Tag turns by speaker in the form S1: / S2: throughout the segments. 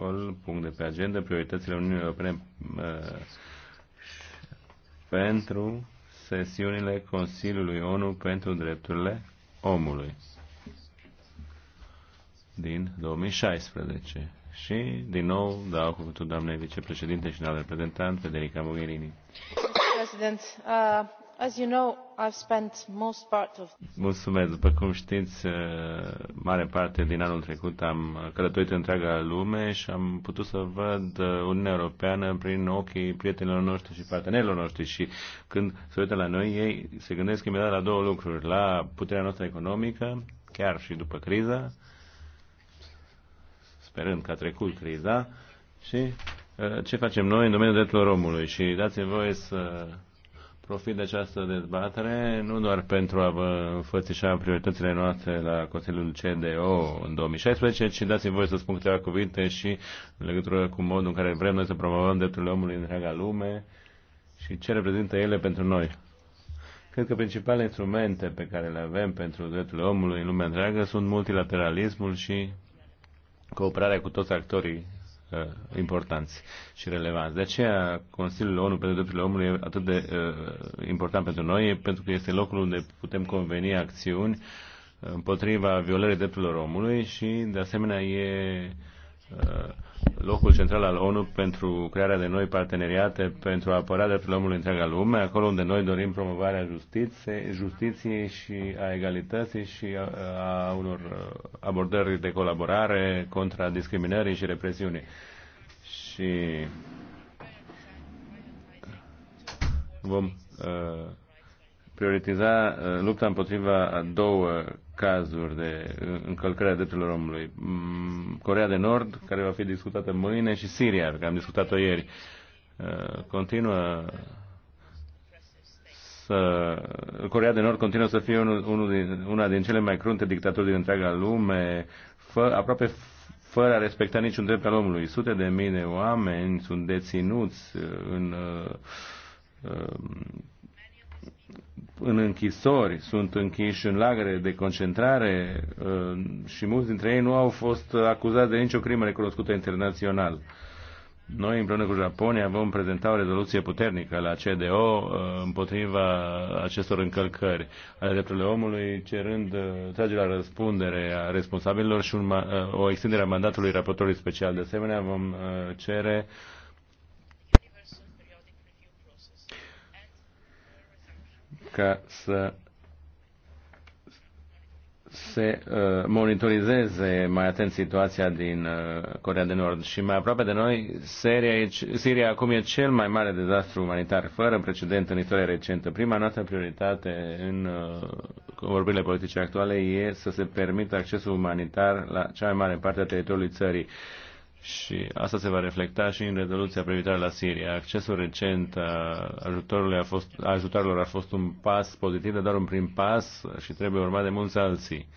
S1: articol, punct de pe agenda, prioritățile Uniunii Europene uh, pentru sesiunile Consiliului ONU pentru drepturile omului din 2016. Și, din nou, dau cuvântul doamnei vicepreședinte și doamnei reprezentant, Federica Mogherini. uh... Mulțumesc. După cum știți, uh, mare parte din anul trecut am călătorit întreaga lume și am putut să văd uh, Uniunea Europeană prin ochii prietenilor noștri și partenerilor noștri și când se uită la noi, ei se gândesc imediat la două lucruri, la puterea noastră economică, chiar și după criza, sperând că a trecut criza, și uh, ce facem noi în domeniul drepturilor omului. Și dați-mi voie să profit de această dezbatere nu doar pentru a vă înfățișa prioritățile noastre la Consiliul CDO în 2016, ci dați-mi voi să spun câteva cuvinte și în legătură cu modul în care vrem noi să promovăm drepturile omului în întreaga lume și ce reprezintă ele pentru noi. Cred că principalele instrumente pe care le avem pentru drepturile omului în lumea întreagă sunt multilateralismul și cooperarea cu toți actorii uh, importanți și relevanți. De aceea Consiliul ONU pentru drepturile omului e atât de uh, important pentru noi, pentru că este locul unde putem conveni acțiuni împotriva violării drepturilor omului și, de asemenea, e uh, locul central al ONU pentru crearea de noi parteneriate pentru apărarea drepturilor drepturile omului întreaga lume, acolo unde noi dorim promovarea justiției, justiției și a egalității și a, a unor uh, abordări de colaborare contra discriminării și represiunii. Și vom uh, prioritiza uh, lupta împotriva a două cazuri de încălcare a drepturilor omului. Mm, Corea de Nord, care va fi discutată mâine, și Siria, care am discutat-o ieri, uh, continuă să... Corea de Nord continuă să fie unul, unul din, una din cele mai crunte dictaturi din întreaga lume, fă, aproape fără a respecta niciun drept al omului. Sute de mii de oameni sunt deținuți uh, în uh, uh, în închisori, sunt închiși în lagăre de concentrare uh, și mulți dintre ei nu au fost acuzați de nicio crimă recunoscută internațional. Noi, împreună cu Japonia, vom prezenta o rezoluție puternică la CDO uh, împotriva acestor încălcări ale drepturilor omului, cerând uh, tragerea răspundere a responsabililor și un, o extindere a mandatului raportorului special. De asemenea, vom cere uh, ca să se uh, monitorizeze mai atent situația din uh, Corea de Nord. Și mai aproape de noi, Siria, e, Siria acum e cel mai mare dezastru umanitar fără precedent în istoria recentă. Prima noastră prioritate în uh, vorbirile politice actuale e să se permită accesul umanitar la cea mai mare parte a teritoriului țării. Uh, și asta se va reflecta și în rezoluția privitoare la Siria. Accesul recent a ajutorului a fost, a ajutorilor a fost un pas pozitiv, dar doar un prim pas și trebuie urmat de mulți alții.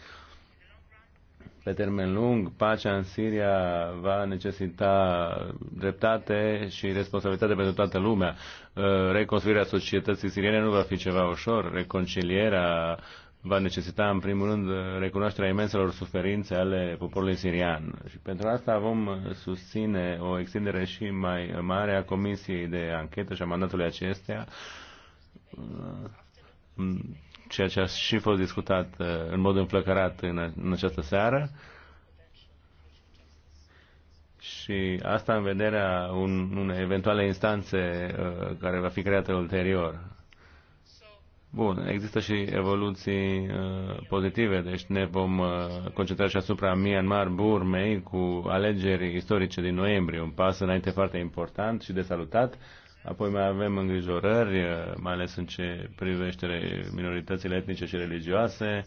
S1: Pe termen lung, pacea în Siria va necesita dreptate și responsabilitate pentru toată lumea. Reconstruirea societății siriene nu va fi ceva ușor. Reconcilierea va necesita, în primul rând, recunoașterea imenselor suferințe ale poporului sirian. Și pentru asta vom susține o extindere și mai mare a Comisiei de Anchetă și a mandatului acesteia, ceea ce a și fost discutat în mod înflăcărat în această seară. Și asta în vederea un, unei eventuale instanțe uh, care va fi creată ulterior. Bun, există și evoluții uh, pozitive, deci ne vom uh, concentra și asupra Myanmar, Burmei, cu alegeri istorice din noiembrie, un pas înainte foarte important și de salutat. Apoi mai avem îngrijorări, uh, mai ales în ce privește minoritățile etnice și religioase.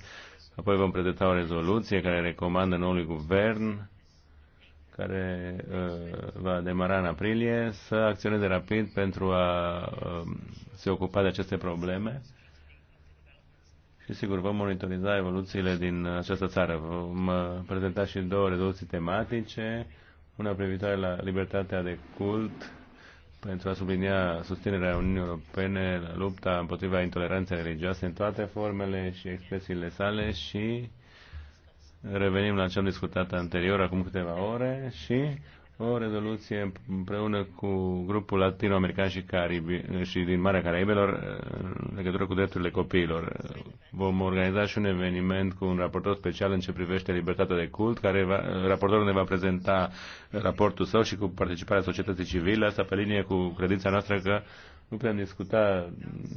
S1: Apoi vom prezenta o rezoluție care recomandă noului guvern care uh, va demara în aprilie, să acționeze rapid pentru a uh, se ocupa de aceste probleme și sigur, vom monitoriza evoluțiile din această țară. Vom uh, prezenta și două rezoluții tematice, una privitoare la libertatea de cult pentru a sublinia susținerea Uniunii Europene la lupta împotriva intoleranței religioase în toate formele și expresiile sale și revenim la ce am discutat anterior acum câteva ore și o rezoluție împreună cu grupul latinoamerican și, Caribi, și din Marea Caraibelor în legătură cu drepturile copiilor. Vom organiza și un eveniment cu un raportor special în ce privește libertatea de cult, care va, raportorul ne va prezenta raportul său și cu participarea societății civile, asta pe linie cu credința noastră că nu putem discuta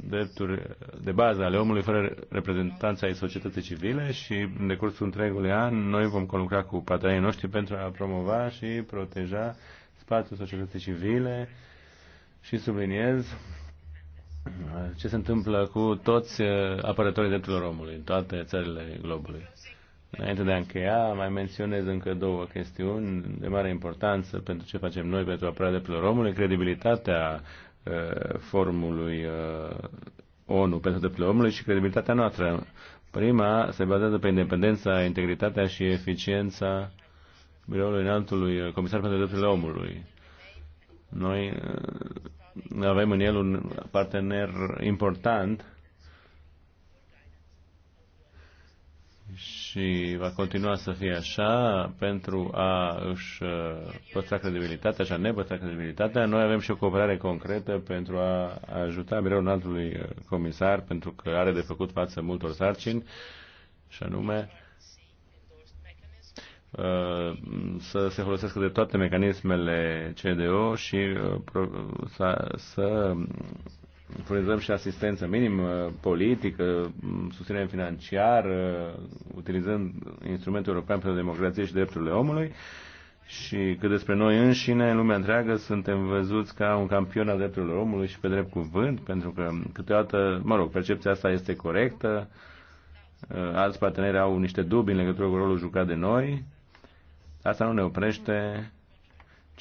S1: drepturi de bază ale omului fără reprezentanța ai societății civile și în decursul întregului an noi vom conlucra cu partenerii noștri pentru a promova și proteja spațiul societății civile și subliniez ce se întâmplă cu toți uh, apărătorii drepturilor omului în toate țările globului. Înainte de a încheia, mai menționez încă două chestiuni de mare importanță pentru ce facem noi pentru apărarea drepturilor omului, credibilitatea Uh, formului uh, ONU pentru drepturile omului și credibilitatea noastră. Prima se bazează pe independența, integritatea și eficiența biroului înaltului uh, comisar pentru drepturile omului. Noi avem în el un partener important și va continua să fie așa pentru a își uh, păstra credibilitatea și a ne păstra credibilitatea. Noi avem și o cooperare concretă pentru a ajuta biroul altului uh, comisar pentru că are de făcut față multor sarcini și anume uh, să se folosească de toate mecanismele CDO și să furnizăm și asistență minim uh, politică, susținere financiară, uh, utilizând instrumentul european pentru democrație și drepturile omului. Și cât despre noi înșine, în lumea întreagă, suntem văzuți ca un campion al drepturilor omului și pe drept cuvânt, pentru că câteodată, mă rog, percepția asta este corectă, uh, alți parteneri au niște dubii în legătură cu rolul jucat de noi, asta nu ne oprește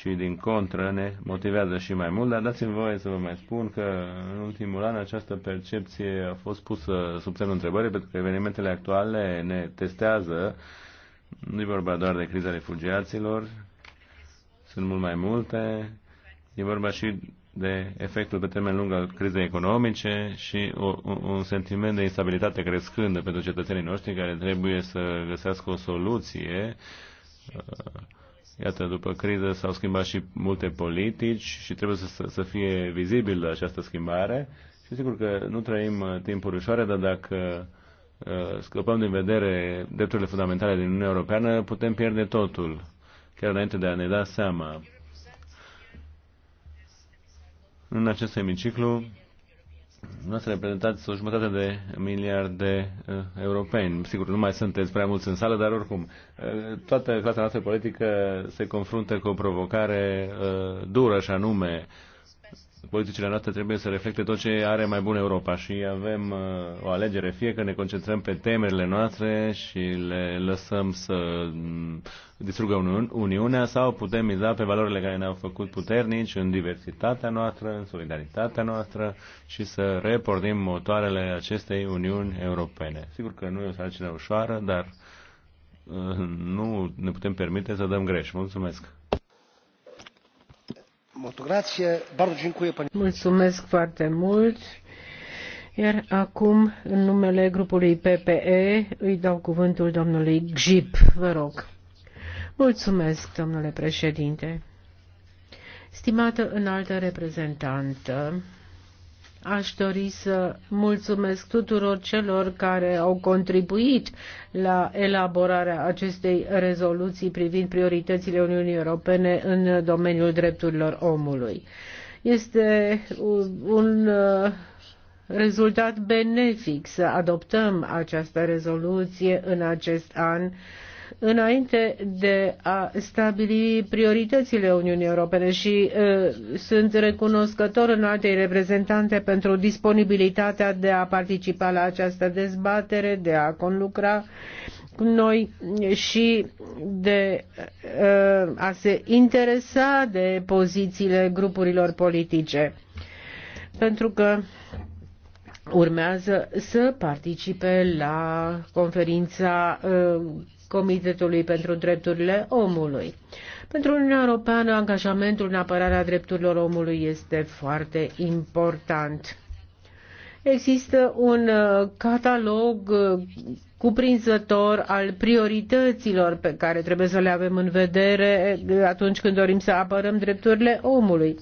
S1: ci din contră ne motivează și mai mult, dar dați-mi voie să vă mai spun că în ultimul an această percepție a fost pusă sub semnul întrebării pentru că evenimentele actuale ne testează. Nu e vorba doar de criza refugiaților, sunt mult mai multe. E vorba și de efectul pe termen lung al crizei economice și o, un sentiment de instabilitate crescândă pentru cetățenii noștri care trebuie să găsească o soluție uh, Iată, după criză s-au schimbat și multe politici și trebuie să, să fie vizibilă această schimbare. Și sigur că nu trăim uh, timpuri ușoare, dar dacă uh, scăpăm din vedere drepturile fundamentale din Uniunea Europeană, putem pierde totul, chiar înainte de a ne da seama. În acest semiciclu Noastră reprezentați o jumătate de miliard de uh, europeni. Sigur, nu mai sunteți prea mulți în sală, dar oricum, uh, toată clasa noastră politică se confruntă cu o provocare uh, dură, și anume uh, politicile noastre trebuie să reflecte tot ce are mai bun Europa și avem uh, o alegere, fie că ne concentrăm pe temerile noastre și le lăsăm să mm, distrugă Uniunea sau putem miza pe valorile care ne-au făcut puternici în diversitatea noastră, în solidaritatea noastră și să repornim motoarele acestei Uniuni Europene. Sigur că nu e o sarcină ușoară, dar uh, nu ne putem permite să dăm greș. Mulțumesc!
S2: Mulțumesc foarte mult. Iar acum, în numele grupului PPE, îi dau cuvântul domnului Gjip. Vă rog. Mulțumesc, domnule președinte. Stimată înaltă reprezentantă, Aș dori să mulțumesc tuturor celor care au contribuit la elaborarea acestei rezoluții privind prioritățile Uniunii Europene în domeniul drepturilor omului. Este un uh, rezultat benefic să adoptăm această rezoluție în acest an înainte de a stabili prioritățile Uniunii Europene și uh, sunt recunoscător în altei reprezentante pentru disponibilitatea de a participa la această dezbatere, de a conlucra cu noi și de uh, a se interesa de pozițiile grupurilor politice. Pentru că urmează să participe la conferința uh, Comitetului pentru Drepturile Omului. Pentru Uniunea Europeană, angajamentul în apărarea drepturilor omului este foarte important. Există un uh, catalog uh, cuprinzător al priorităților pe care trebuie să le avem în vedere uh, atunci când dorim să apărăm drepturile omului.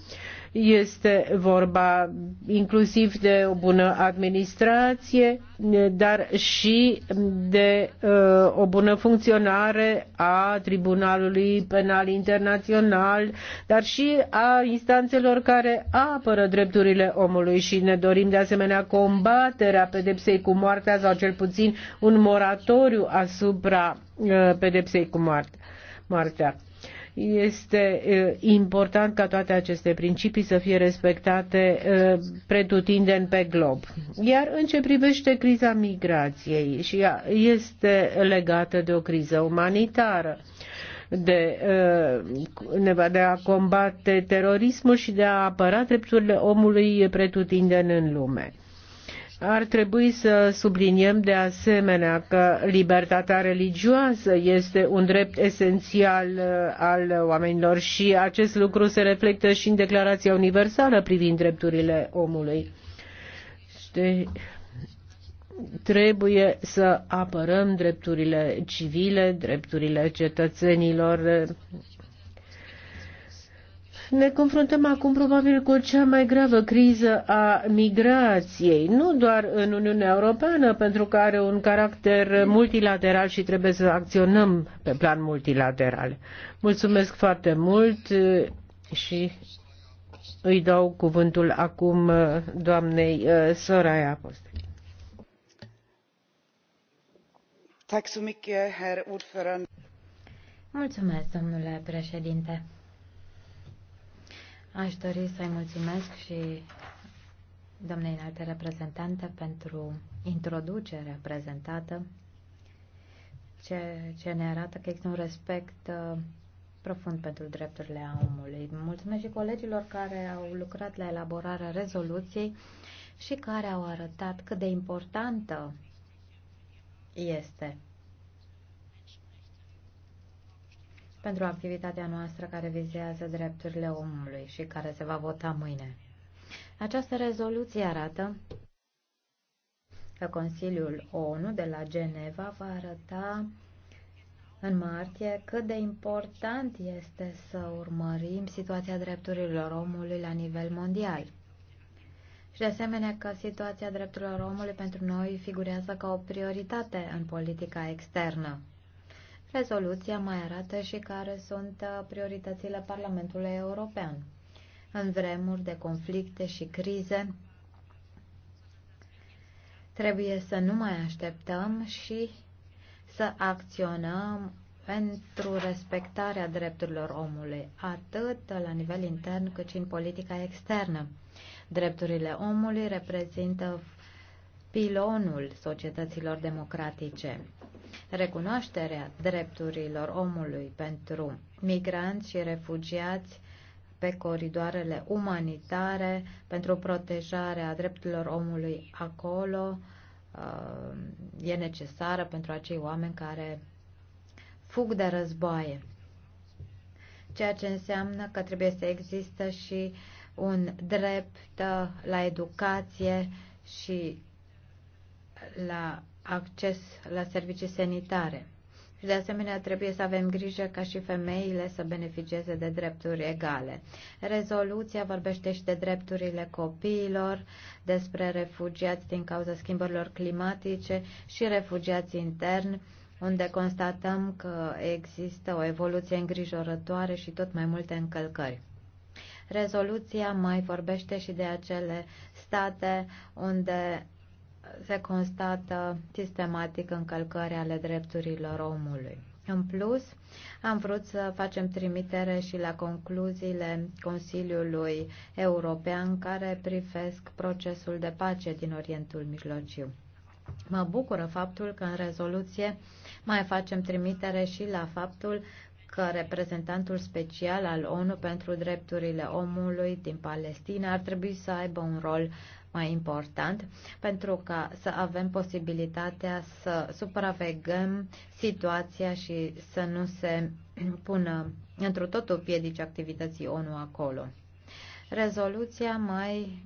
S2: Este vorba inclusiv de o bună administrație, dar și de uh, o bună funcționare a Tribunalului Penal Internațional, dar și a instanțelor care apără drepturile omului și ne dorim de asemenea combaterea pedepsei cu moartea sau cel puțin un moratoriu asupra uh, pedepsei cu moartea. Este important ca toate aceste principii să fie respectate pretutindeni pe glob. Iar în ce privește criza migrației și ea este legată de o criză umanitară de, de a combate terorismul și de a apăra drepturile omului pretutindeni în lume. Ar trebui să subliniem de asemenea că libertatea religioasă este un drept esențial uh, al oamenilor și acest lucru se reflectă și în Declarația Universală privind drepturile omului. Trebuie să apărăm drepturile civile, drepturile cetățenilor ne confruntăm acum probabil cu cea mai gravă criză a migrației, nu doar în Uniunea Europeană, pentru că are un caracter multilateral și trebuie să acționăm pe plan multilateral. Mulțumesc foarte mult și îi dau cuvântul acum doamnei uh,
S3: Soraya Post. Mulțumesc, domnule președinte. Aș dori să-i mulțumesc și doamnei înalte reprezentante pentru introducerea prezentată, ce, ce ne arată că există un respect uh, profund pentru drepturile omului. Mulțumesc și colegilor care au lucrat la elaborarea rezoluției și care au arătat cât de importantă este pentru activitatea noastră care vizează drepturile omului și care se va vota mâine. Această rezoluție arată că Consiliul ONU de la Geneva va arăta în martie cât de important este să urmărim situația drepturilor omului la nivel mondial. Și de asemenea că situația drepturilor omului pentru noi figurează ca o prioritate în politica externă. Rezoluția mai arată și care sunt uh, prioritățile Parlamentului European. În vremuri de conflicte și crize, trebuie să nu mai așteptăm și să acționăm pentru respectarea drepturilor omului, atât la nivel intern cât și în politica externă. Drepturile omului reprezintă pilonul societăților democratice. Recunoașterea drepturilor omului pentru migranți și refugiați pe coridoarele umanitare pentru protejarea drepturilor omului acolo uh, e necesară pentru acei oameni care fug de războaie. Ceea ce înseamnă că trebuie să există și un drept la educație și la acces la servicii sanitare. Și de asemenea trebuie să avem grijă ca și femeile să beneficieze de drepturi egale. Rezoluția vorbește și de drepturile copiilor, despre refugiați din cauza schimbărilor climatice și refugiați intern, unde constatăm că există o evoluție îngrijorătoare și tot mai multe încălcări. Rezoluția mai vorbește și de acele state unde se constată sistematic încălcări ale drepturilor omului. În plus, am vrut să facem trimitere și la concluziile Consiliului European care privesc procesul de pace din Orientul Mijlociu. Mă bucură faptul că în rezoluție mai facem trimitere și la faptul că reprezentantul special al ONU pentru drepturile omului din Palestina ar trebui să aibă un rol mai important pentru ca să avem posibilitatea să supraveghem situația și să nu se pună într totul piedici activității ONU acolo. Rezoluția mai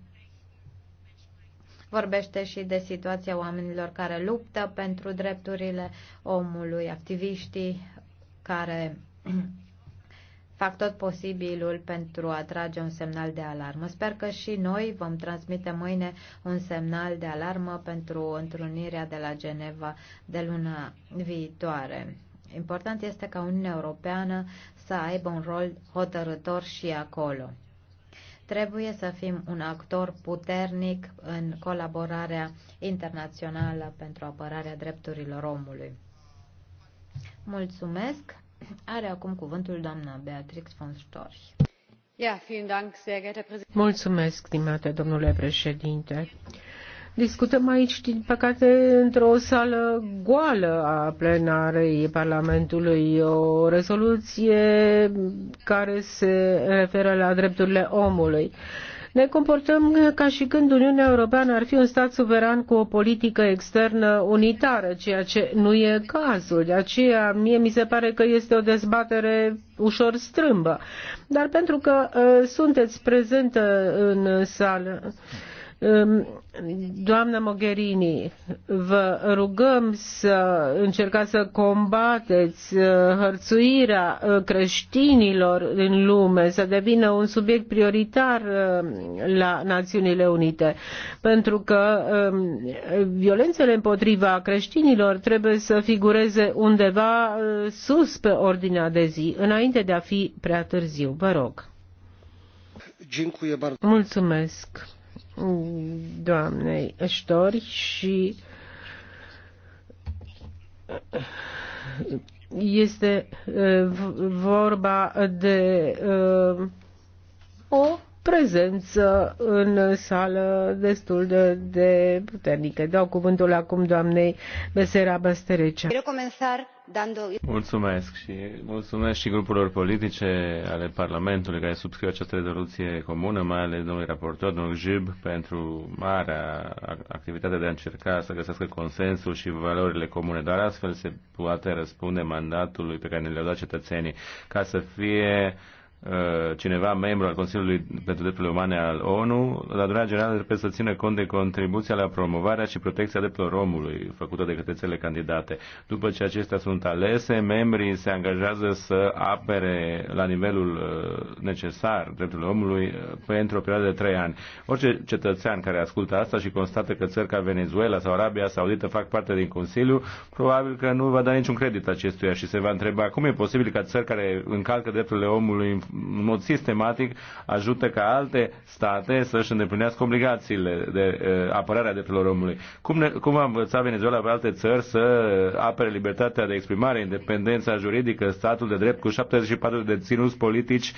S3: vorbește și de situația oamenilor care luptă pentru drepturile omului, activiștii care fac tot posibilul pentru a trage un semnal de alarmă. Sper că și noi vom transmite mâine un semnal de alarmă pentru întrunirea de la Geneva de luna viitoare. Important este ca Uniunea Europeană să aibă un rol hotărător și acolo. Trebuie să fim un actor puternic în colaborarea internațională pentru apărarea drepturilor omului. Mulțumesc! Are acum cuvântul doamna Beatrix von Storch.
S2: Mulțumesc, stimate domnule președinte. Discutăm aici, din păcate, într-o sală goală a plenarei Parlamentului o rezoluție care se referă la drepturile omului. Ne comportăm ca și când Uniunea Europeană ar fi un stat suveran cu o politică externă unitară, ceea ce nu e cazul. De aceea, mie mi se pare că este o dezbatere ușor strâmbă. Dar pentru că uh, sunteți prezentă în sală, uh, Doamna Mogherini, vă rugăm să încercați să combateți uh, hărțuirea uh, creștinilor în lume, să devină un subiect prioritar uh, la Națiunile Unite, pentru că um, violențele împotriva creștinilor trebuie să figureze undeva sus pe ordinea de zi, înainte de a fi prea târziu. Vă rog. Mulțumesc doamnei Ștori și este eh, vorba de eh, o prezență în sală destul de, de puternică. Dau cuvântul acum doamnei Besera Băsterecea.
S1: Mulțumesc și mulțumesc și grupurilor politice ale Parlamentului care subscriu această rezoluție comună, mai ales domnului raportor, domnul Jib, pentru marea activitate de a încerca să găsească consensul și valorile comune, dar astfel se poate răspunde mandatului pe care ne le-au dat cetățenii ca să fie Uh, cineva membru al Consiliului pentru Drepturile Umane al ONU, la durerea generală trebuie să țină cont de contribuția la promovarea și protecția drepturilor omului făcută de către țările candidate. După ce acestea sunt alese, membrii se angajează să apere la nivelul uh, necesar drepturile omului uh, pentru o perioadă de trei ani. Orice cetățean care ascultă asta și constată că țări ca Venezuela sau Arabia Saudită fac parte din Consiliu, probabil că nu va da niciun credit acestuia și se va întreba cum e posibil ca țări care încalcă drepturile omului în mod sistematic ajută ca alte state să-și îndeplinească obligațiile de eh, apărare a drepturilor omului. Cum, ne, cum a învățat Venezuela pe alte țări să apere libertatea de exprimare, independența juridică, statul de drept cu 74 de ținuți politici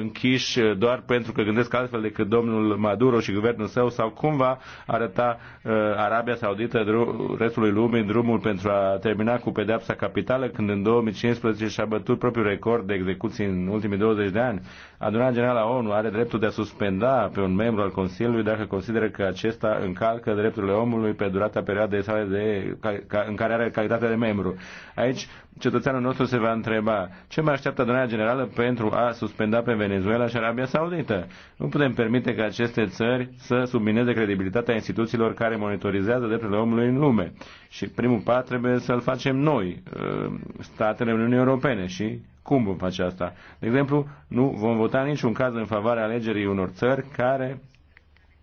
S1: închiși doar pentru că gândesc altfel decât domnul Maduro și guvernul său sau cum va arăta uh, Arabia Saudită drum, restului lumii drumul pentru a termina cu pedeapsa capitală când în 2015 și-a bătut propriul record de execuții în ultimii 20 20 de ani. Adunarea Generală a ONU are dreptul de a suspenda pe un membru al Consiliului dacă consideră că acesta încalcă drepturile omului pe durata perioadei sale de, ca, în care are calitatea de membru. Aici cetățeanul nostru se va întreba ce mai așteaptă adunarea generală pentru a suspenda pe Venezuela și Arabia Saudită. Nu putem permite ca aceste țări să submineze credibilitatea instituțiilor care monitorizează drepturile omului în lume. Și primul pas trebuie să-l facem noi, ă, statele Uniunii Europene și cum vom face asta? De exemplu, nu vom vota niciun caz în favoarea alegerii unor țări care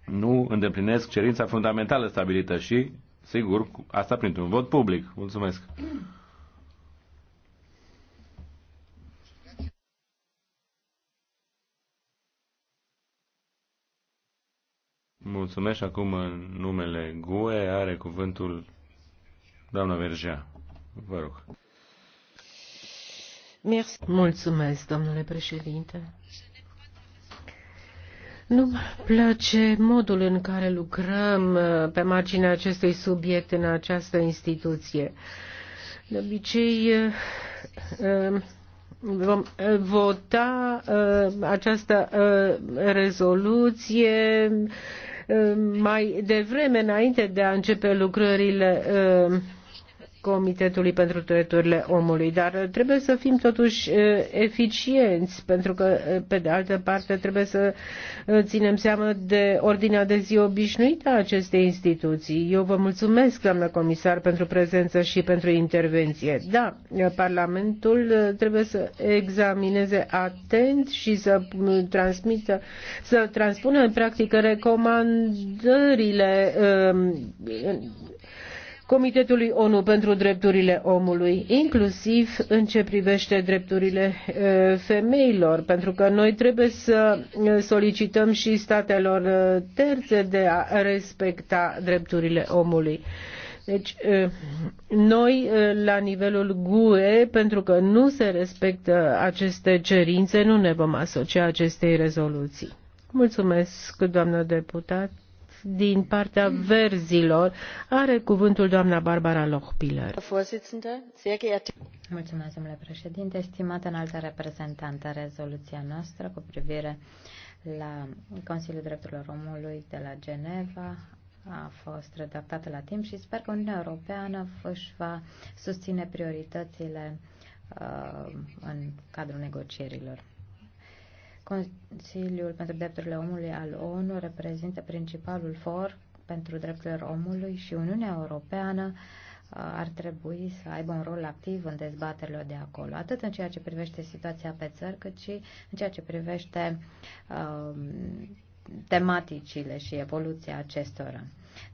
S1: nu îndeplinesc cerința fundamentală stabilită și, sigur, asta printr-un vot public. Mulțumesc! Mulțumesc acum în numele GUE are cuvântul doamna Vergea. Vă rog.
S2: Mulțumesc, domnule președinte. Nu-mi place modul în care lucrăm uh, pe marginea acestui subiect în această instituție. De obicei, uh, uh, vom vota această rezoluție mai devreme, înainte de a începe lucrările Comitetului pentru Drepturile Omului, dar trebuie să fim totuși eficienți, pentru că, pe de altă parte, trebuie să ținem seama de ordinea de zi obișnuită a acestei instituții. Eu vă mulțumesc, doamnă comisar, pentru prezență și pentru intervenție. Da, Parlamentul trebuie să examineze atent și să transmită, să transpună în practică recomandările Comitetului ONU pentru Drepturile Omului, inclusiv în ce privește drepturile femeilor, pentru că noi trebuie să solicităm și statelor terțe de a respecta drepturile omului. Deci, noi, la nivelul GUE, pentru că nu se respectă aceste cerințe, nu ne vom asocia acestei rezoluții. Mulțumesc, doamnă deputat din partea verzilor. Are cuvântul doamna Barbara Lochpiller.
S3: Mulțumesc, domnule președinte, stimată înaltă reprezentantă, rezoluția noastră cu privire la Consiliul Drepturilor Omului de la Geneva a fost redactată la timp și sper că Uniunea Europeană își va susține prioritățile uh, în cadrul negocierilor. Consiliul pentru Drepturile Omului al ONU reprezintă principalul for pentru drepturile omului și Uniunea Europeană ar trebui să aibă un rol activ în dezbaterile de acolo, atât în ceea ce privește situația pe țări, cât și în ceea ce privește uh, tematicile și evoluția acestora.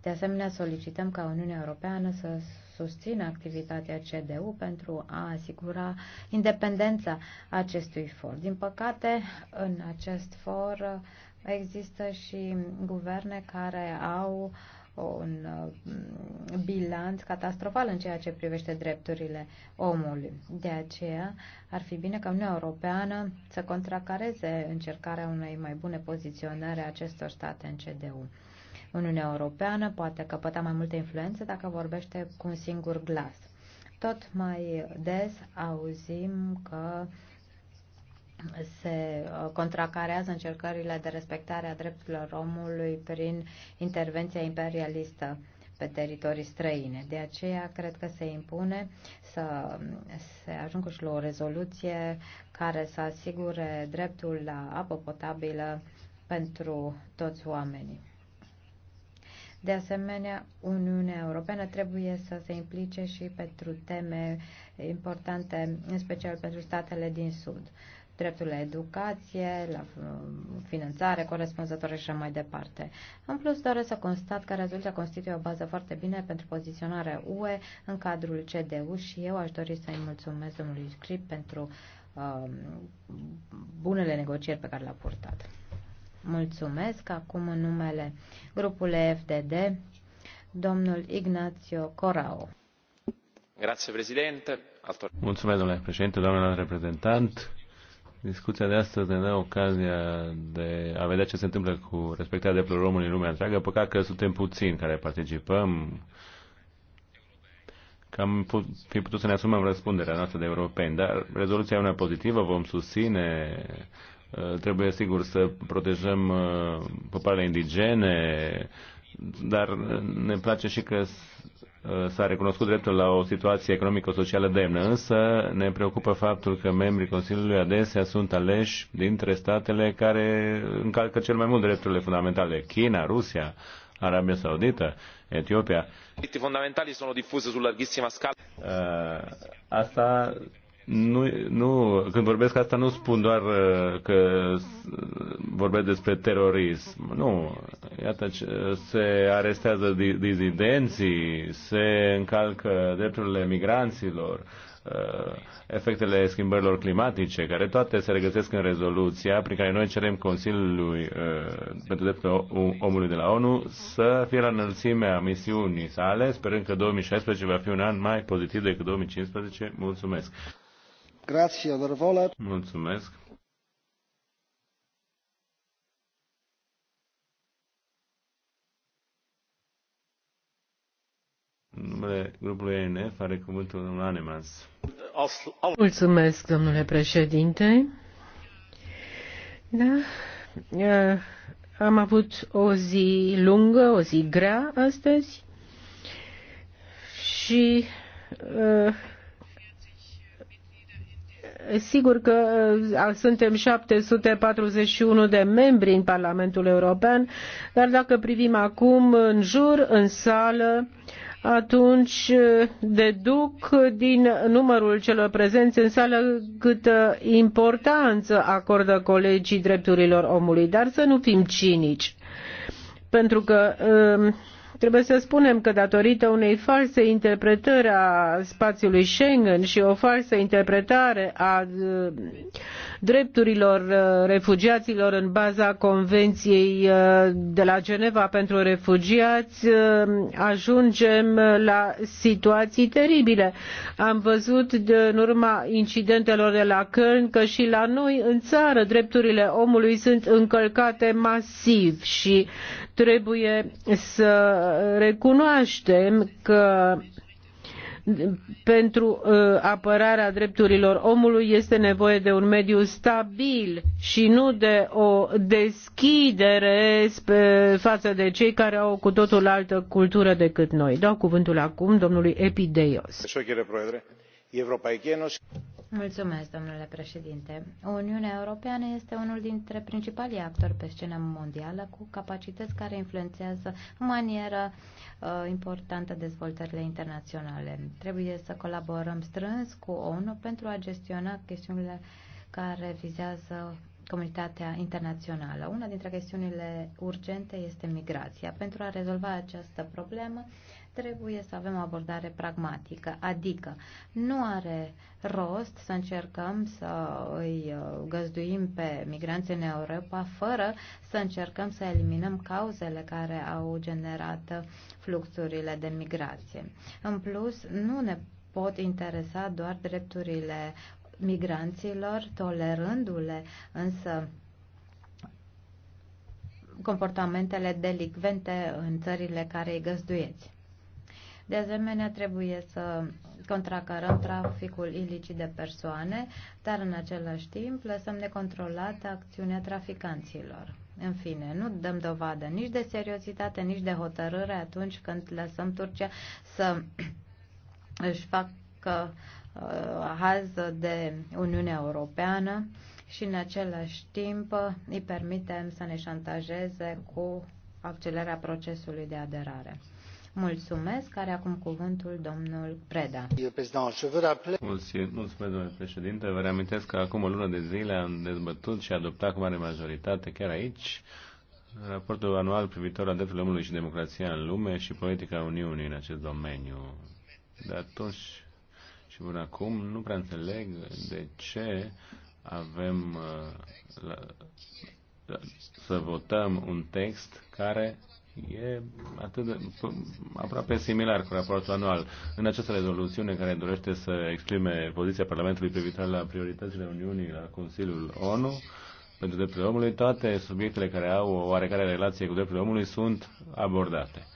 S3: De asemenea, solicităm ca Uniunea Europeană să susține activitatea CDU pentru a asigura independența acestui for. Din păcate, în acest for există și guverne care au un uh, bilanț catastrofal în ceea ce privește drepturile omului. De aceea ar fi bine ca Uniunea Europeană să contracareze încercarea unei mai bune poziționări a acestor state în CDU. Uniunea Europeană poate căpăta mai multă influență dacă vorbește cu un singur glas. Tot mai des auzim că se uh, contracarează încercările de respectare a drepturilor omului prin intervenția imperialistă pe teritorii străine. De aceea cred că se impune să um, se ajungă și la o rezoluție care să asigure dreptul la apă potabilă pentru toți oamenii. De asemenea, Uniunea Europeană trebuie să se implice și pentru teme importante, în special pentru statele din Sud dreptul la educație, la uh, finanțare corespunzătoare și așa mai departe. În plus, doresc să constat că rezultatul constituie o bază foarte bine pentru poziționarea UE în cadrul CDU și eu aș dori să-i mulțumesc domnului Scrip pentru uh, bunele negocieri pe care le-a purtat. Mulțumesc. Acum în numele grupului FDD, domnul Ignacio Corao.
S1: Grazie, președinte. Mulțumesc, domnule președinte, domnule reprezentant. Discuția de astăzi ne dă ocazia de a vedea ce se întâmplă cu respectarea drepturilor românii în lumea întreagă. Păcat că suntem puțini care participăm că am fi putut să ne asumăm răspunderea noastră de europeni, dar rezoluția e una pozitivă, vom susține Uh, trebuie, sigur, să protejăm uh, popoarele indigene, dar uh, ne place și că s-a recunoscut dreptul la o situație economico-socială demnă, însă ne preocupă faptul că membrii Consiliului adesea sunt aleși dintre statele care încalcă cel mai mult drepturile fundamentale, China, Rusia, Arabia Saudită, Etiopia. Diritti fondamentali sunt difuze su larghissima scala. asta nu, nu, când vorbesc asta nu spun doar uh, că vorbesc despre terorism. Nu, iată, se arestează dizidenții, se încalcă drepturile migranților, uh, efectele schimbărilor climatice, care toate se regăsesc în rezoluția prin care noi cerem Consiliului uh, pentru dreptul omului de la ONU să fie la înălțimea misiunii sale, sperând că 2016 va fi un an mai pozitiv decât 2015. Mulțumesc! Mulțumesc. numele grupului ANF are cuvântul domnul Anemans.
S2: Mulțumesc, domnule președinte. Da, am avut o zi lungă, o zi grea astăzi și uh, Sigur că uh, suntem 741 de membri în Parlamentul European, dar dacă privim acum în jur, în sală, atunci uh, deduc din numărul celor prezenți în sală câtă importanță acordă colegii drepturilor omului. Dar să nu fim cinici, pentru că uh, Trebuie să spunem că datorită unei false interpretări a spațiului Schengen și o falsă interpretare a uh, drepturilor uh, refugiaților în baza Convenției uh, de la Geneva pentru refugiați, ajungem la situații teribile. Am văzut de, în urma incidentelor de la Köln că și la noi în țară drepturile omului sunt încălcate masiv și trebuie să recunoaștem că pentru uh, apărarea drepturilor omului este nevoie de un mediu stabil și nu de o deschidere față de cei care au cu totul altă cultură decât noi. Dau cuvântul acum domnului Epideios.
S3: Mulțumesc, domnule președinte. Uniunea Europeană este unul dintre principalii actori pe scenă mondială cu capacități care influențează în manieră uh, importantă dezvoltările internaționale. Trebuie să colaborăm strâns cu ONU pentru a gestiona chestiunile care vizează comunitatea internațională. Una dintre chestiunile urgente este migrația. Pentru a rezolva această problemă, trebuie să avem o abordare pragmatică, adică nu are rost să încercăm să îi uh, găzduim pe migranți în Europa fără să încercăm să eliminăm cauzele care au generat fluxurile de migrație. În plus, nu ne pot interesa doar drepturile migranților, tolerându-le însă comportamentele delicvente în țările care îi găzduieți. De asemenea, trebuie să contracarăm traficul ilicit de persoane, dar în același timp lăsăm necontrolată acțiunea traficanților. În fine, nu dăm dovadă nici de seriozitate, nici de hotărâre atunci când lăsăm Turcia să își facă uh, de Uniunea Europeană și în același timp uh, îi permitem să ne șantajeze cu accelerarea procesului de aderare. Mulțumesc, care acum cuvântul domnul Preda.
S1: Mulțumesc, domnule președinte. Vă reamintesc că acum o lună de zile am dezbătut și adoptat cu mare majoritate chiar aici raportul anual privitor la drepturile omului și democrația în lume și politica Uniunii în acest domeniu. De atunci și până acum nu prea înțeleg de ce avem la, uh, la, să votăm un text care e atât de, aproape similar cu raportul anual. În această rezoluțiune care dorește să exprime poziția Parlamentului privitoare la prioritățile Uniunii la Consiliul ONU pentru drepturile omului, toate subiectele care au o oarecare relație cu drepturile omului sunt abordate.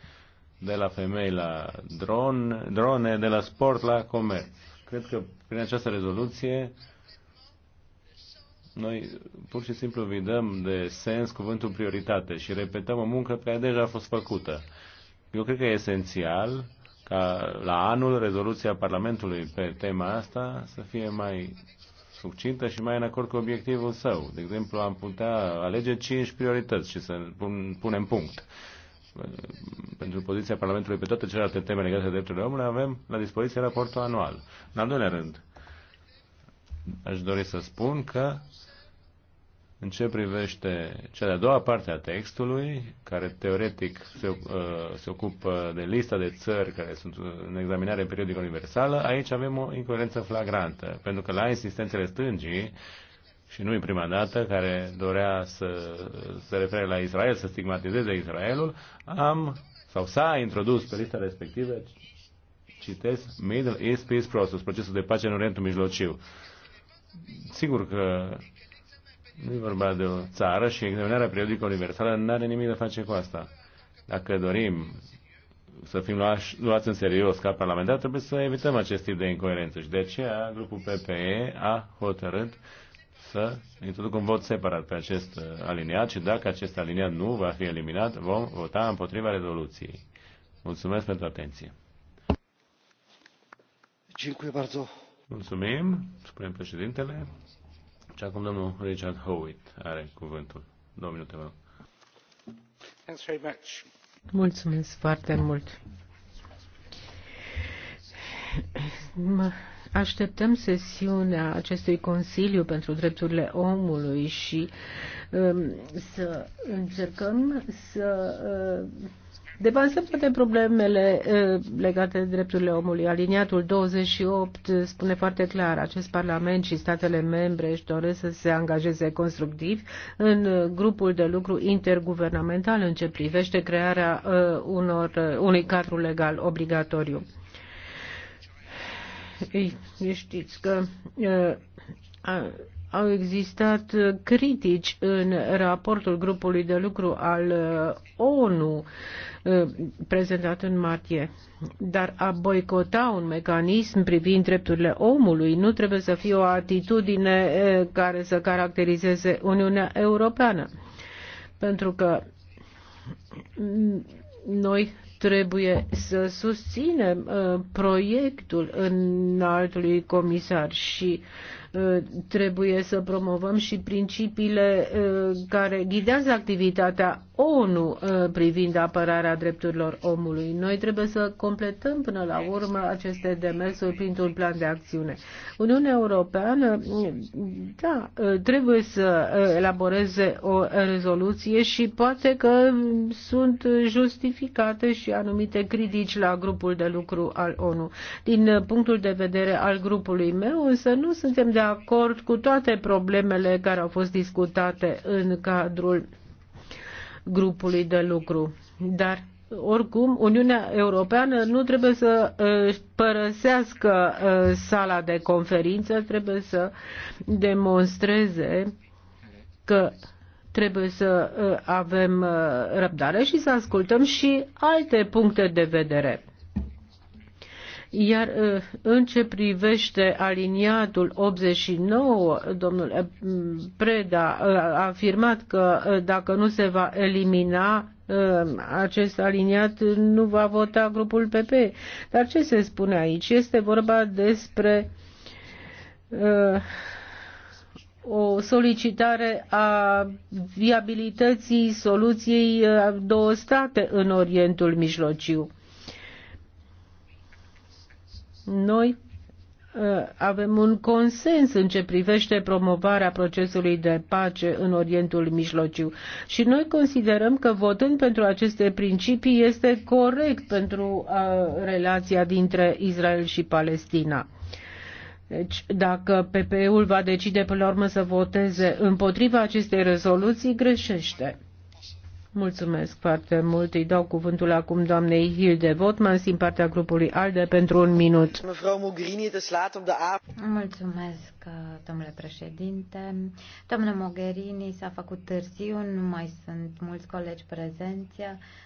S1: De la femei la drone, drone, de la sport la comerț. Cred că prin această rezoluție noi pur și simplu vi dăm de sens cuvântul prioritate și repetăm o muncă care deja a fost făcută. Eu cred că e esențial ca la anul rezoluția Parlamentului pe tema asta să fie mai succintă și mai în acord cu obiectivul său. De exemplu, am putea alege cinci priorități și să punem punct. Pentru poziția Parlamentului pe toate celelalte teme legate de drepturile omului avem la dispoziție raportul anual. În al doilea rând, aș dori să spun că în ce privește cea de-a doua parte a textului, care teoretic se, uh, se ocupă de lista de țări care sunt în examinare periodică universală, aici avem o incoerență flagrantă, pentru că la insistențele stângii, și nu e prima dată, care dorea să se refere la Israel, să stigmatizeze Israelul, am sau s-a introdus pe lista respectivă, citesc, Middle East Peace Process, procesul de pace în Orientul Mijlociu. Sigur că nu e vorba de o țară și examinarea periodică universală nu are nimic de face cu asta. Dacă dorim să fim luați, luați în serios ca parlamentar, trebuie să evităm acest tip de incoerență. Și de aceea grupul PPE a hotărât să introduc un vot separat pe acest uh, aliniat și dacă acest aliniat nu va fi eliminat, vom vota împotriva rezoluției. Mulțumesc pentru atenție. Mulțumim, spune președintele. Și deci acum domnul Richard Howitt are cuvântul. Două minute, vă rog.
S2: Mulțumesc foarte mult. Mă așteptăm sesiunea acestui Consiliu pentru Drepturile Omului și um, să încercăm să uh, Depansăm toate problemele eh, legate de drepturile omului. Aliniatul 28 spune foarte clar, acest Parlament și statele membre își doresc să se angajeze constructiv în eh, grupul de lucru interguvernamental în ce privește crearea eh, unor, unui cadru legal obligatoriu. Ei, știți că au existat uh, critici în raportul grupului de lucru al uh, ONU uh, prezentat în martie. Dar a boicota un mecanism privind drepturile omului nu trebuie să fie o atitudine care să caracterizeze Uniunea Europeană. Pentru că mm, noi trebuie să susținem proiectul înaltului comisar și uh, Uh, trebuie să promovăm și principiile uh, care ghidează activitatea ONU uh, privind apărarea drepturilor omului. Noi trebuie să completăm până la urmă aceste demersuri printr-un plan de acțiune. Uniunea Europeană da, trebuie să elaboreze o rezoluție și poate că sunt justificate și anumite critici la grupul de lucru al ONU. Din punctul de vedere al grupului meu, însă nu suntem de de acord cu toate problemele care au fost discutate în cadrul grupului de lucru. Dar oricum, Uniunea Europeană nu trebuie să uh, părăsească uh, sala de conferință, trebuie să demonstreze că trebuie să uh, avem răbdare și să ascultăm și alte puncte de vedere. Iar uh, în ce privește aliniatul 89, domnul uh, Preda uh, a afirmat că dacă nu se va elimina acest aliniat nu va vota grupul PP. Dar ce se spune aici? Este vorba despre uh, o solicitare a viabilității soluției două state în Orientul Mijlociu. Noi uh, avem un consens în ce privește promovarea procesului de pace în Orientul Mijlociu și noi considerăm că votând pentru aceste principii este corect pentru uh, relația dintre Israel și Palestina. Deci, dacă PPE-ul va decide până la urmă să voteze împotriva acestei rezoluții, greșește. Mulțumesc foarte mult. Îi dau cuvântul acum doamnei Hilde Votman, din partea grupului ALDE pentru un minut.
S3: Mulțumesc, domnule președinte. Domnule Mogherini, s-a făcut târziu, nu mai sunt mulți colegi prezenți,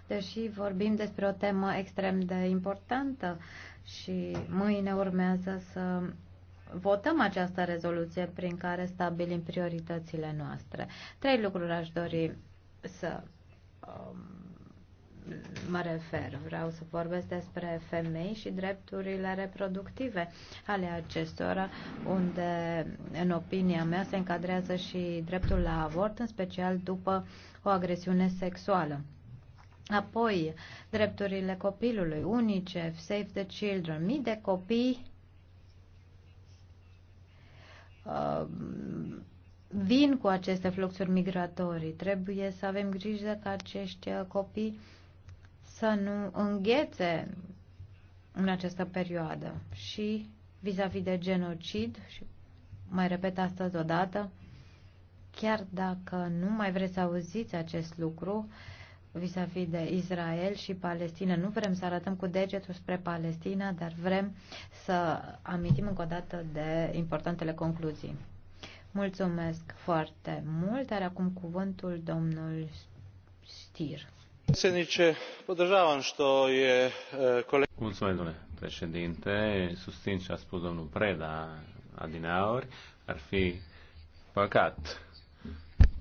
S3: deși vorbim despre o temă extrem de importantă și mâine urmează să votăm această rezoluție prin care stabilim prioritățile noastre. Trei lucruri aș dori să Um, mă refer. Vreau să vorbesc despre femei și drepturile reproductive ale acestora, unde, în opinia mea, se încadrează și dreptul la avort, în special după o agresiune sexuală. Apoi, drepturile copilului, UNICEF, Save the Children, mii de copii uh, vin cu aceste fluxuri migratorii. Trebuie să avem grijă ca acești copii să nu înghețe în această perioadă și vis-a-vis -vis de genocid și mai repet astăzi odată, chiar dacă nu mai vreți să auziți acest lucru vis-a-vis -vis de Israel și Palestina, nu vrem să arătăm cu degetul spre Palestina, dar vrem să amintim încă o dată de importantele concluzii. Mulțumesc foarte mult. dar acum cuvântul domnul Stier.
S1: Mulțumesc, domnule președinte. Susțin ce a spus domnul Preda adineaori. Ar fi păcat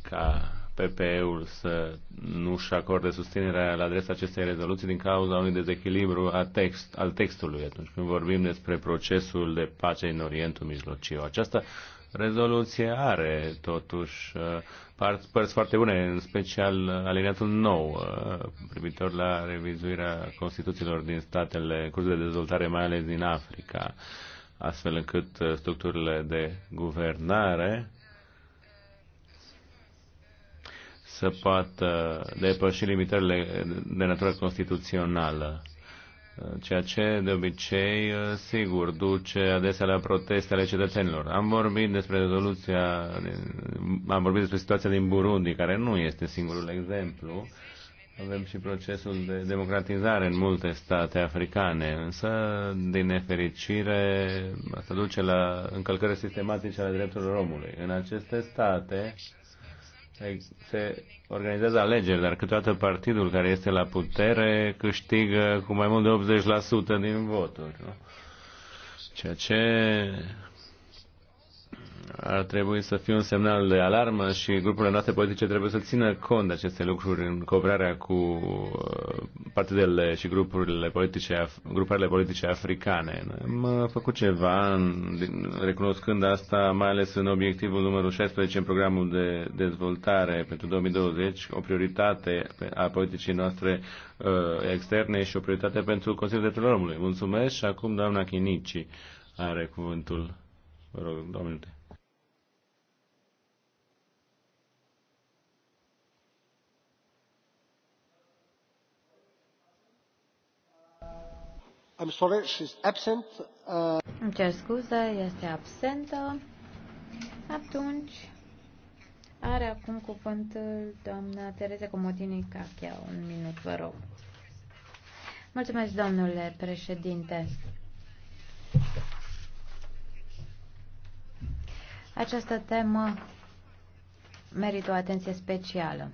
S1: ca PPE-ul să nu-și acorde susținerea la adresa acestei rezoluții din cauza unui dezechilibru a text, al textului atunci când vorbim despre procesul de pace în Orientul Mijlociu. Aceasta rezoluție are totuși uh, părți foarte bune, în special alineatul nou uh, privitor la revizuirea Constituțiilor din statele curs de dezvoltare, mai ales din Africa, astfel încât uh, structurile de guvernare să poată depăși limitările de natură constituțională ceea ce de obicei, uh, sigur, duce adesea la protestele cetățenilor. Am vorbit despre rezoluția, am vorbit despre situația din Burundi, care nu este singurul exemplu. Avem și procesul de democratizare în multe state africane, însă, din nefericire, asta duce la încălcări sistematice ale drepturilor omului. În aceste state, se organizează alegeri, dar câteodată partidul care este la putere câștigă cu mai mult de 80% din voturi. Nu? Ceea ce ar trebui să fie un semnal de alarmă și grupurile noastre politice trebuie să țină cont de aceste lucruri în cooperarea cu uh, partidele și grupurile politice, grupările politice africane. Am uh, făcut ceva în, recunoscând asta, mai ales în obiectivul numărul 16 în programul de dezvoltare pentru 2020, o prioritate a politicii noastre uh, externe și o prioritate pentru Consiliul Drepturilor Omului. Mulțumesc și acum doamna Chinici are cuvântul. Vă rog, două minute.
S3: Sorry, uh... Îmi cer scuze, este absentă. Atunci are acum cuvântul doamna Tereza Comodini Cachea. Un minut, vă rog. Mulțumesc, domnule președinte. Această temă merită o atenție specială.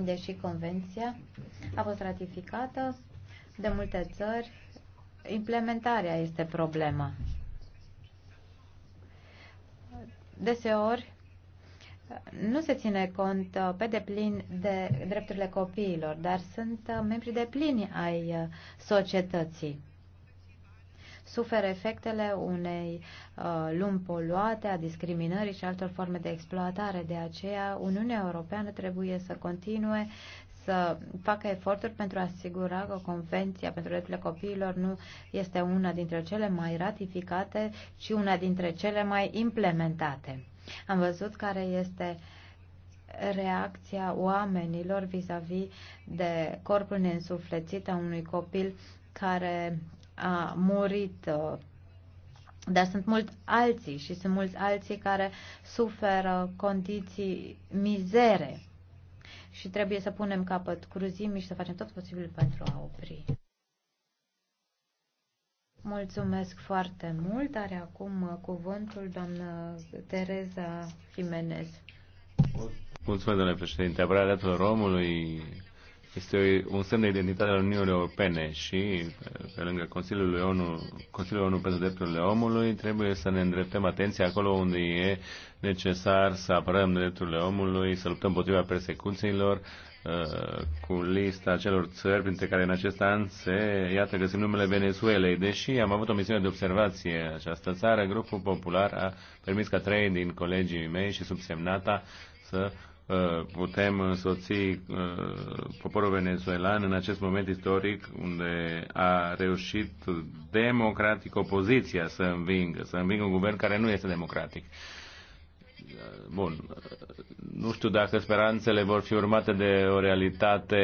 S3: Deși convenția a fost ratificată, de multe țări, implementarea este problema. Deseori, nu se ține cont uh, pe deplin de drepturile copiilor, dar sunt uh, membri de plini ai uh, societății. Suferă efectele unei lumi poluate, a discriminării și altor forme de exploatare. De aceea, Uniunea Europeană trebuie să continue să facă eforturi pentru a asigura că Convenția pentru drepturile copiilor nu este una dintre cele mai ratificate, ci una dintre cele mai implementate. Am văzut care este reacția oamenilor vis-a-vis -vis de corpul neînsuflețit a unui copil care a murit uh, dar sunt mulți alții și sunt mulți alții care suferă condiții mizere și trebuie să punem capăt cruzimii și să facem tot posibil pentru a opri. Mulțumesc foarte mult. Are acum uh, cuvântul doamnă Tereza Jimenez.
S1: Mulțumesc, domnule președinte. Apărarea drepturilor omului este un semn de identitate al Uniunii Europene și, pe lângă Consiliul ONU, Consiliul ONU pentru Drepturile Omului, trebuie să ne îndreptăm atenția acolo unde e necesar să apărăm drepturile omului, să luptăm împotriva persecuțiilor, uh, cu lista celor țări, printre care în acest an se, iată, găsim numele Venezuelei. Deși am avut o misiune de observație în această țară, grupul popular a permis ca trei din colegii mei și subsemnata să Eh, putem însoți eh, poporul venezuelan în acest moment istoric unde a reușit democratic opoziția să învingă, să învingă un guvern care nu este democratic. Eh, bun, nu știu dacă speranțele vor fi urmate de o realitate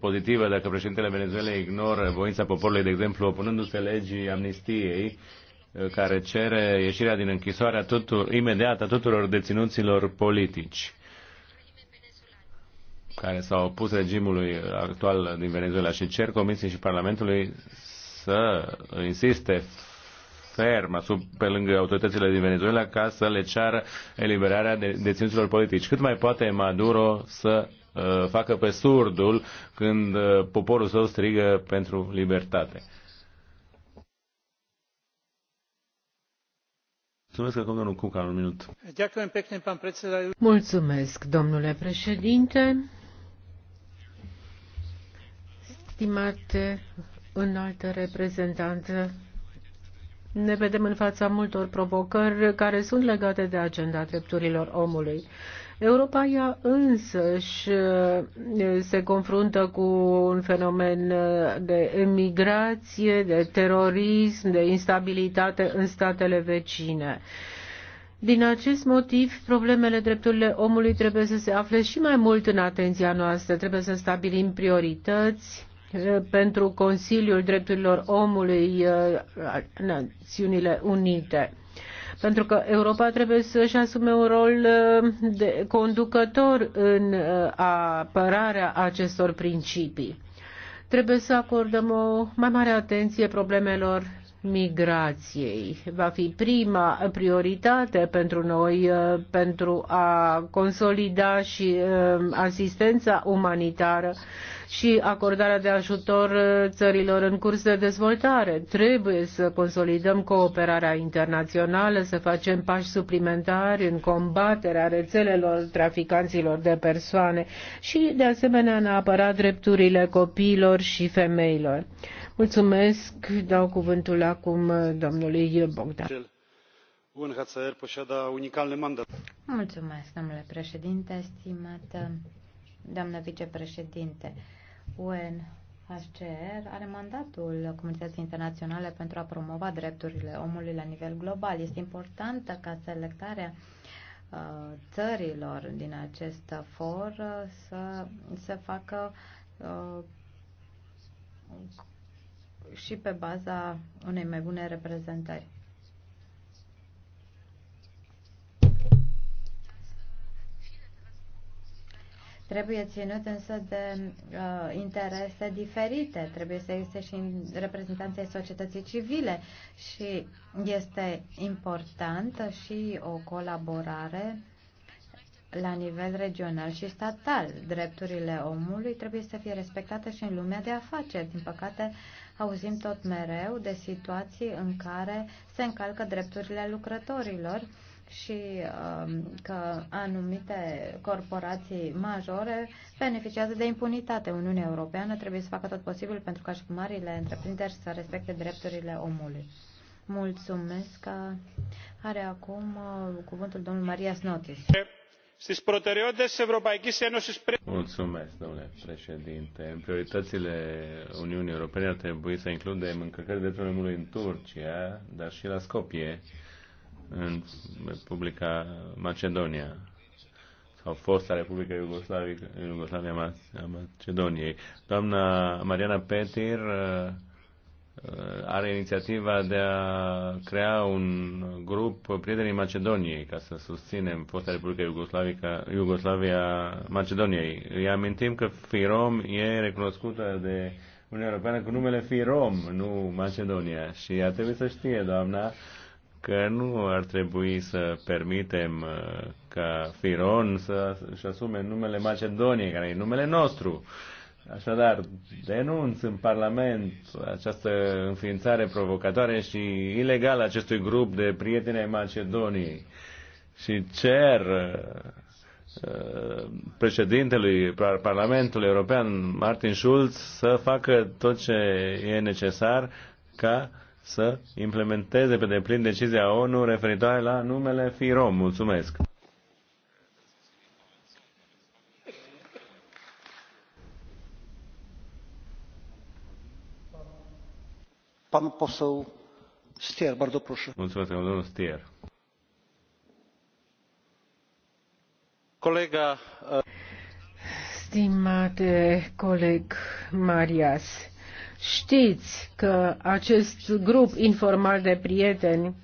S1: pozitivă dacă președintele Venezuelei ignoră voința poporului, de exemplu, opunându-se legii amnistiei, care cere ieșirea din închisoare a tutur, imediat a tuturor deținuților politici care s-au opus regimului actual din Venezuela și cer Comisiei și Parlamentului să insiste ferm sub, pe lângă autoritățile din Venezuela ca să le ceară eliberarea de, deținților politici. Cât mai poate Maduro să uh, facă pe surdul când uh, poporul său strigă pentru libertate. Mulțumesc, un minut.
S2: Mulțumesc, domnule președinte. Stimate înaltă reprezentantă, ne vedem în fața multor provocări care sunt legate de agenda drepturilor omului. Europa ea și se confruntă cu un fenomen de emigrație, de terorism, de instabilitate în statele vecine. Din acest motiv, problemele drepturile omului trebuie să se afle și mai mult în atenția noastră. Trebuie să stabilim priorități, pentru Consiliul Drepturilor Omului uh, Națiunile Unite. Pentru că Europa trebuie să-și asume un rol uh, de conducător în uh, apărarea acestor principii. Trebuie să acordăm o mai mare atenție problemelor migrației. Va fi prima prioritate pentru noi pentru a consolida și asistența umanitară și acordarea de ajutor uh, țărilor în curs de dezvoltare. Trebuie să consolidăm cooperarea internațională, să facem pași suplimentari în combaterea rețelelor traficanților de persoane și, de asemenea, în a apăra drepturile copiilor și femeilor. Mulțumesc, dau cuvântul acum uh, domnului Bogdan.
S3: Mulțumesc, domnule președinte, stimată doamnă vicepreședinte. UNHCR are mandatul comunității internaționale pentru a promova drepturile omului la nivel global. Este importantă ca selectarea uh, țărilor din acest for uh, să se facă uh, și pe baza unei mai bune reprezentări. Trebuie ținut însă de uh, interese diferite, trebuie să existe și reprezentanții societății civile și este importantă și o colaborare la nivel regional și statal. Drepturile omului trebuie să fie respectate și în lumea de afaceri. Din păcate, auzim tot mereu de situații în care se încalcă drepturile lucrătorilor și um, că anumite corporații majore beneficiază de impunitate. Uniunea Europeană trebuie să facă tot posibil pentru ca și marile întreprinderi să respecte drepturile omului. Mulțumesc. Are acum uh, cuvântul domnul Maria Snotis.
S1: Mulțumesc, domnule președinte. În prioritățile Uniunii Europene ar trebui să includem încălcările drepturilor omului în Turcia, dar și la Scopie în Republica Macedonia sau fosta Republică Iugoslavia, Iugoslavia a Macedoniei. Doamna Mariana Petir uh, uh, are inițiativa de a crea un grup Prietenii Macedoniei ca să susținem fosta Republica Iugoslavia, Iugoslavia Macedoniei. Îi amintim că FIROM e recunoscută de Uniunea Europeană cu numele FIROM, nu Macedonia. Și ea trebuie să știe, doamna, că nu ar trebui să permitem uh, ca Firon să-și asume numele Macedoniei, care e numele nostru. Așadar, denunț în Parlament această înființare provocatoare și ilegală acestui grup de prieteni ai Macedoniei și cer uh, uh, președintelui Parlamentului European, Martin Schulz, să facă tot ce e necesar ca uh, să implementeze pe deplin decizia ONU referitoare la numele FIROM. Mulțumesc!
S2: Pan poseł Stier, bardzo proszę.
S1: Mulțumesc, domnul Stier.
S2: Colega... Stimate coleg Marias, Știți că acest grup informal de prieteni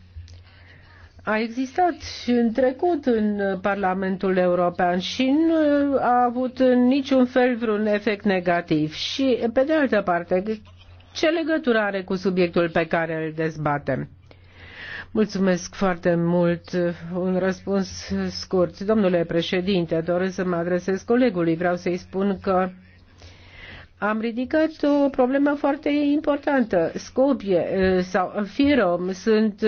S2: a existat și în trecut în Parlamentul European și nu a avut în niciun fel vreun efect negativ. Și, pe de altă parte, ce legătură are cu subiectul pe care îl dezbatem? Mulțumesc foarte mult. Un răspuns scurt. Domnule președinte, doresc să mă adresez colegului. Vreau să-i spun că am ridicat o problemă foarte importantă. Scopie sau Firom sunt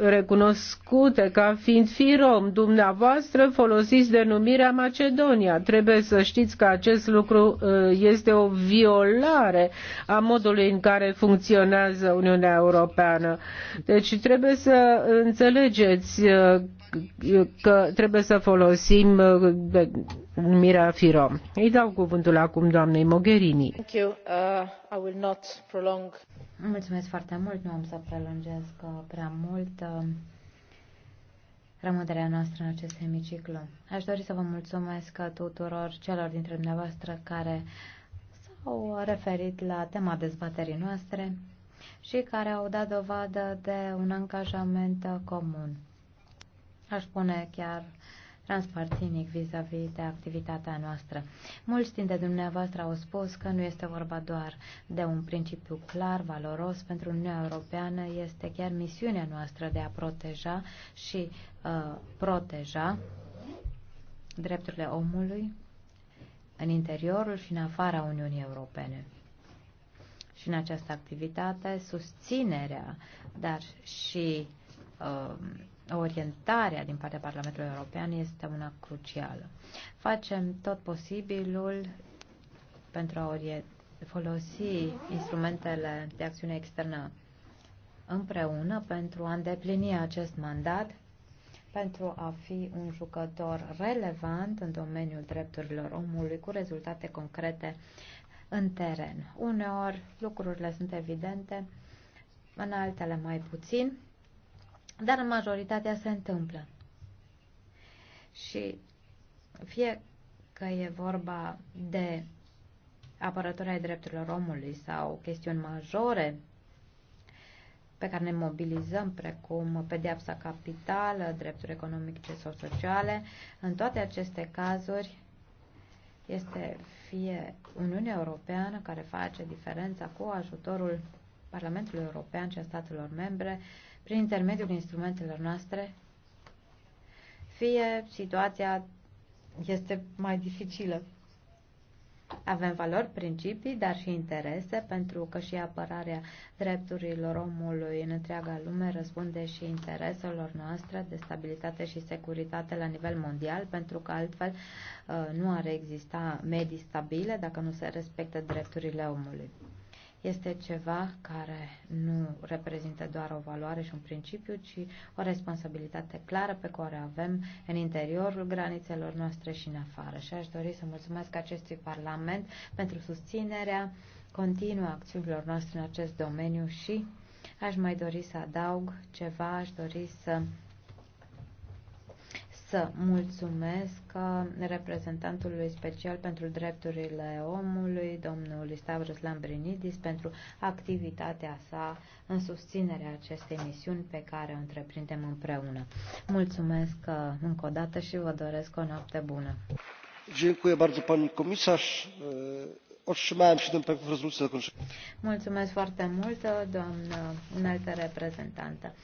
S2: recunoscute ca fiind Firom. Dumneavoastră folosiți denumirea Macedonia. Trebuie să știți că acest lucru este o violare a modului în care funcționează Uniunea Europeană. Deci trebuie să înțelegeți că trebuie să folosim Mira Firo. Îi dau cuvântul acum doamnei Mogherini.
S3: Thank you. Uh, I will not prolong. Mulțumesc foarte mult, nu am să prelungesc uh, prea mult uh, rămânerea noastră în acest hemiciclu. Aș dori să vă mulțumesc tuturor celor dintre dumneavoastră care s-au referit la tema dezbaterii noastre și care au dat dovadă de un angajament uh, comun. Aș spune chiar uh, transparținic vis-a-vis -vis de activitatea noastră. Mulți dintre dumneavoastră au spus că nu este vorba doar de un principiu clar, valoros pentru Uniunea Europeană, este chiar misiunea noastră de a proteja și uh, proteja drepturile omului în interiorul și în afara Uniunii Europene. Și în această activitate, susținerea, dar și uh, orientarea din partea Parlamentului European este una crucială. Facem tot posibilul pentru a folosi instrumentele de acțiune externă împreună pentru a îndeplini acest mandat, pentru a fi un jucător relevant în domeniul drepturilor omului cu rezultate concrete în teren. Uneori lucrurile sunt evidente, în altele mai puțin, dar în majoritatea se întâmplă. Și fie că e vorba de apărători ai drepturilor omului sau chestiuni majore pe care ne mobilizăm, precum pedeapsa capitală, drepturi economice sau sociale, în toate aceste cazuri este fie Uniunea Europeană care face diferența cu ajutorul Parlamentului European și a statelor membre prin intermediul instrumentelor noastre, fie situația este mai dificilă. Avem valori, principii, dar și interese, pentru că și apărarea drepturilor omului în întreaga lume răspunde și intereselor noastre de stabilitate și securitate la nivel mondial, pentru că altfel uh, nu ar exista medii stabile dacă nu se respectă drepturile omului este ceva care nu reprezintă doar o valoare și un principiu, ci o responsabilitate clară pe care o avem în interiorul granițelor noastre și în afară. Și aș dori să mulțumesc acestui Parlament pentru susținerea continuă acțiunilor noastre în acest domeniu și aș mai dori să adaug ceva, aș dori să să mulțumesc uh, reprezentantului special pentru drepturile omului, domnul Stavros Lambrinidis, pentru activitatea sa în susținerea acestei misiuni pe care o întreprindem împreună. Mulțumesc uh, încă o dată și vă doresc o noapte bună.
S2: Dziękuję bardzo pani komisarz. Otrzymałem 7 punktów rezolucji zakończenia.
S3: Mulțumesc foarte mult, uh, doamnă înaltă reprezentantă.